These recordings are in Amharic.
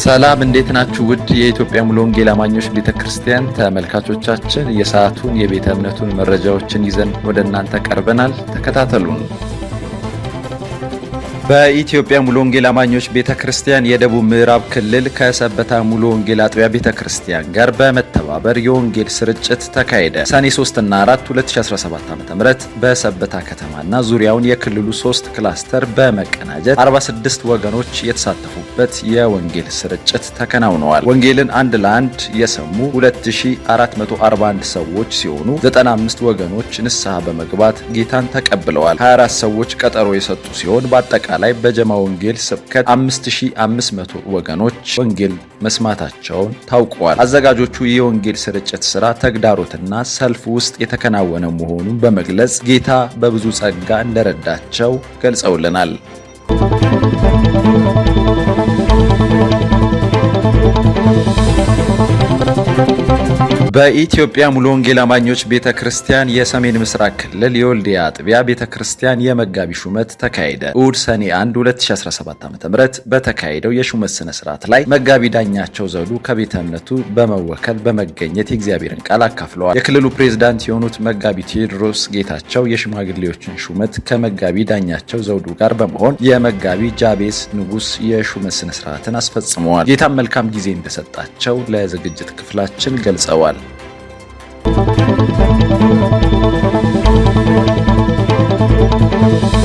ሰላም እንዴት ናችሁ? ውድ የኢትዮጵያ ሙሉ ወንጌል አማኞች ቤተ ክርስቲያን ተመልካቾቻችን የሰዓቱን የቤተ እምነቱን መረጃዎችን ይዘን ወደ እናንተ ቀርበናል። ተከታተሉን። በኢትዮጵያ ሙሉ ወንጌል አማኞች ቤተ ክርስቲያን የደቡብ ምዕራብ ክልል ከሰበታ ሙሉ ወንጌል አጥቢያ ቤተ ክርስቲያን ጋር በመተባበር የወንጌል ስርጭት ተካሄደ። ሰኔ 3 እና 4 2017 ዓ.ም በሰበታ ከተማና ዙሪያውን የክልሉ ሶስት ክላስተር በመቀናጀት 46 ወገኖች የተሳተፉበት የወንጌል ስርጭት ተከናውነዋል። ወንጌልን አንድ ለአንድ የሰሙ 2441 ሰዎች ሲሆኑ 95 ወገኖች ንስሐ በመግባት ጌታን ተቀብለዋል። 24 ሰዎች ቀጠሮ የሰጡ ሲሆን በአጠቃላይ ላይ በጀማ ወንጌል ስብከት 5500 ወገኖች ወንጌል መስማታቸውን ታውቋል። አዘጋጆቹ የወንጌል ስርጭት ስራ ተግዳሮትና ሰልፍ ውስጥ የተከናወነ መሆኑን በመግለጽ ጌታ በብዙ ጸጋ እንደረዳቸው ገልጸውልናል። በኢትዮጵያ ሙሉ ወንጌል አማኞች ቤተ ክርስቲያን የሰሜን ምስራቅ ክልል የወልዲያ አጥቢያ ቤተ ክርስቲያን የመጋቢ ሹመት ተካሄደ። እሁድ ሰኔ 1 2017 ዓ ም በተካሄደው የሹመት ስነ ስርዓት ላይ መጋቢ ዳኛቸው ዘውዱ ከቤተ እምነቱ በመወከል በመገኘት የእግዚአብሔርን ቃል አካፍለዋል። የክልሉ ፕሬዝዳንት የሆኑት መጋቢ ቴዎድሮስ ጌታቸው የሽማግሌዎችን ሹመት ከመጋቢ ዳኛቸው ዘውዱ ጋር በመሆን የመጋቢ ጃቤስ ንጉስ የሹመት ስነ ስርዓትን አስፈጽመዋል። ጌታም መልካም ጊዜ እንደሰጣቸው ለዝግጅት ክፍላችን ገልጸዋል። Thank you.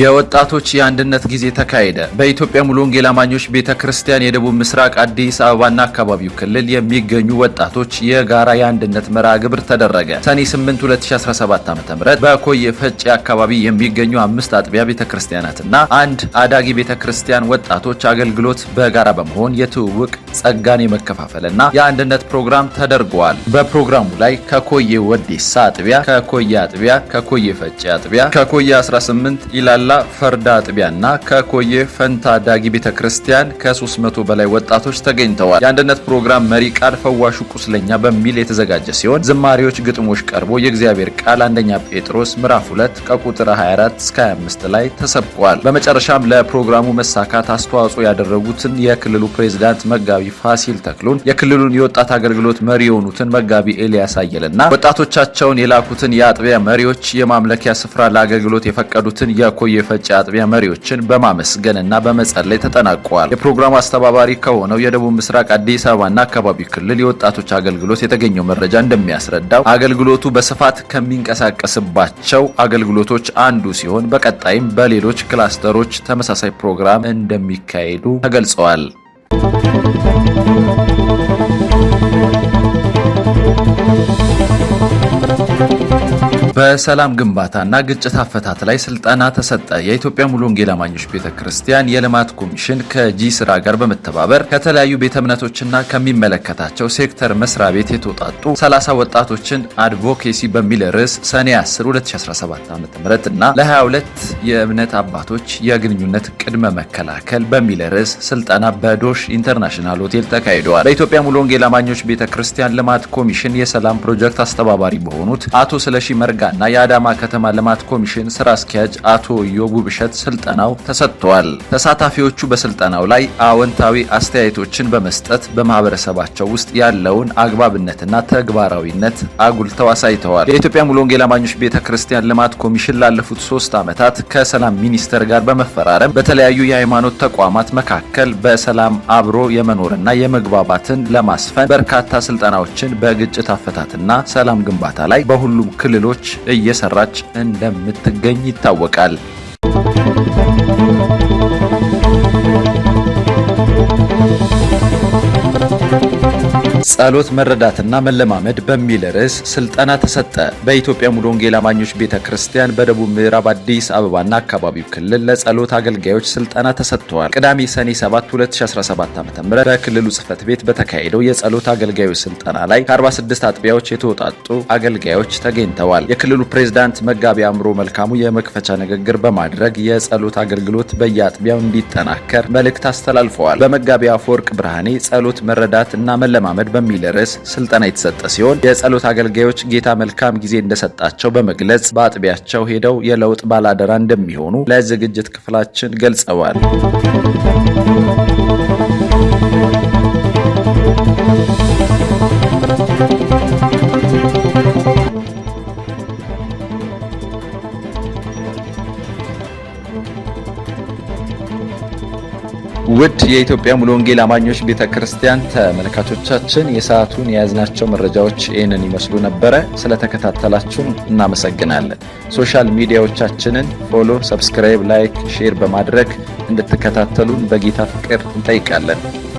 የወጣቶች የአንድነት ጊዜ ተካሄደ። በኢትዮጵያ ሙሉ ወንጌል አማኞች ቤተ ክርስቲያን የደቡብ ምስራቅ አዲስ አበባና አካባቢው ክልል የሚገኙ ወጣቶች የጋራ የአንድነት መርሃ ግብር ተደረገ። ሰኔ 8 2017 ዓ.ም በኮየ ፈጬ አካባቢ የሚገኙ አምስት አጥቢያ ቤተ ክርስቲያናትና አንድ አዳጊ ቤተ ክርስቲያን ወጣቶች አገልግሎት በጋራ በመሆን የትውውቅ ጸጋን የመከፋፈልና የአንድነት ፕሮግራም ተደርገዋል። በፕሮግራሙ ላይ ከኮየ ወዴሳ አጥቢያ፣ ከኮየ አጥቢያ፣ ከኮየ ፈጬ አጥቢያ፣ ከኮየ 18 ይላል ከጠቅላላ ፈርዳ አጥቢያና ከኮዬ ፈንታ ዳጊ ቤተ ክርስቲያን ከ300 በላይ ወጣቶች ተገኝተዋል። የአንድነት ፕሮግራም መሪ ቃል ፈዋሹ ቁስለኛ በሚል የተዘጋጀ ሲሆን ዝማሬዎች፣ ግጥሞች ቀርቦ የእግዚአብሔር ቃል አንደኛ ጴጥሮስ ምዕራፍ 2 ከቁጥር 24 እስከ 25 ላይ ተሰብቋል። በመጨረሻም ለፕሮግራሙ መሳካት አስተዋጽኦ ያደረጉትን የክልሉ ፕሬዝዳንት መጋቢ ፋሲል ተክሉን፣ የክልሉን የወጣት አገልግሎት መሪ የሆኑትን መጋቢ ኤልያስ አየልና ወጣቶቻቸውን የላኩትን የአጥቢያ መሪዎች፣ የማምለኪያ ስፍራ ለአገልግሎት የፈቀዱትን የኮየ የፈጪ አጥቢያ መሪዎችን በማመስገንና በመጸለይ ተጠናቋል። የፕሮግራሙ አስተባባሪ ከሆነው የደቡብ ምስራቅ አዲስ አበባና አካባቢው ክልል የወጣቶች አገልግሎት የተገኘው መረጃ እንደሚያስረዳው አገልግሎቱ በስፋት ከሚንቀሳቀስባቸው አገልግሎቶች አንዱ ሲሆን በቀጣይም በሌሎች ክላስተሮች ተመሳሳይ ፕሮግራም እንደሚካሄዱ ተገልጸዋል። በሰላም ግንባታና ግጭት አፈታት ላይ ስልጠና ተሰጠ። የኢትዮጵያ ሙሉ ወንጌል አማኞች ቤተ ክርስቲያን የልማት ኮሚሽን ከጂ ስራ ጋር በመተባበር ከተለያዩ ቤተ እምነቶችና ከሚመለከታቸው ሴክተር መስሪያ ቤት የተውጣጡ 30 ወጣቶችን አድቮኬሲ በሚል ርዕስ ሰኔ 10 2017 ም እና ለ22 የእምነት አባቶች የግንኙነት ቅድመ መከላከል በሚል ርዕስ ስልጠና በዶሽ ኢንተርናሽናል ሆቴል ተካሂደዋል። በኢትዮጵያ ሙሉ ወንጌል አማኞች ቤተ ክርስቲያን ልማት ኮሚሽን የሰላም ፕሮጀክት አስተባባሪ በሆኑት አቶ ስለሺ መርጋ ና የአዳማ ከተማ ልማት ኮሚሽን ስራ አስኪያጅ አቶ ዮቡ ብሸት ስልጠናው ተሰጥተዋል። ተሳታፊዎቹ በስልጠናው ላይ አዎንታዊ አስተያየቶችን በመስጠት በማህበረሰባቸው ውስጥ ያለውን አግባብነትና ተግባራዊነት አጉልተው አሳይተዋል። የኢትዮጵያ ሙሉ ወንጌል አማኞች ቤተ ክርስቲያን ልማት ኮሚሽን ላለፉት ሶስት ዓመታት ከሰላም ሚኒስቴር ጋር በመፈራረም በተለያዩ የሃይማኖት ተቋማት መካከል በሰላም አብሮ የመኖርና የመግባባትን ለማስፈን በርካታ ስልጠናዎችን በግጭት አፈታትና ሰላም ግንባታ ላይ በሁሉም ክልሎች እየሰራች እንደምትገኝ ይታወቃል። ጸሎት መረዳትና መለማመድ በሚል ርዕስ ስልጠና ተሰጠ። በኢትዮጵያ ሙሉ ወንጌል አማኞች ቤተ ክርስቲያን በደቡብ ምዕራብ አዲስ አበባና አካባቢው ክልል ለጸሎት አገልጋዮች ስልጠና ተሰጥተዋል። ቅዳሜ ሰኔ 7 2017 ዓ.ም በክልሉ ጽህፈት ቤት በተካሄደው የጸሎት አገልጋዮች ስልጠና ላይ ከ46 አጥቢያዎች የተውጣጡ አገልጋዮች ተገኝተዋል። የክልሉ ፕሬዝዳንት መጋቢ አእምሮ መልካሙ የመክፈቻ ንግግር በማድረግ የጸሎት አገልግሎት በየአጥቢያው እንዲጠናከር መልእክት አስተላልፈዋል። በመጋቢ አፈወርቅ ብርሃኔ ጸሎት መረዳት እና መለማመድ በሚል ርዕስ ስልጠና የተሰጠ ሲሆን የጸሎት አገልጋዮች ጌታ መልካም ጊዜ እንደሰጣቸው በመግለጽ በአጥቢያቸው ሄደው የለውጥ ባላደራ እንደሚሆኑ ለዝግጅት ክፍላችን ገልጸዋል። ውድ የኢትዮጵያ ሙሉ ወንጌል አማኞች ቤተ ክርስቲያን ተመልካቾቻችን የሰዓቱን የያዝናቸው መረጃዎች ይህንን ይመስሉ ነበረ። ስለተከታተላችሁን እናመሰግናለን። ሶሻል ሚዲያዎቻችንን ፎሎ፣ ሰብስክራይብ፣ ላይክ፣ ሼር በማድረግ እንድትከታተሉን በጌታ ፍቅር እንጠይቃለን።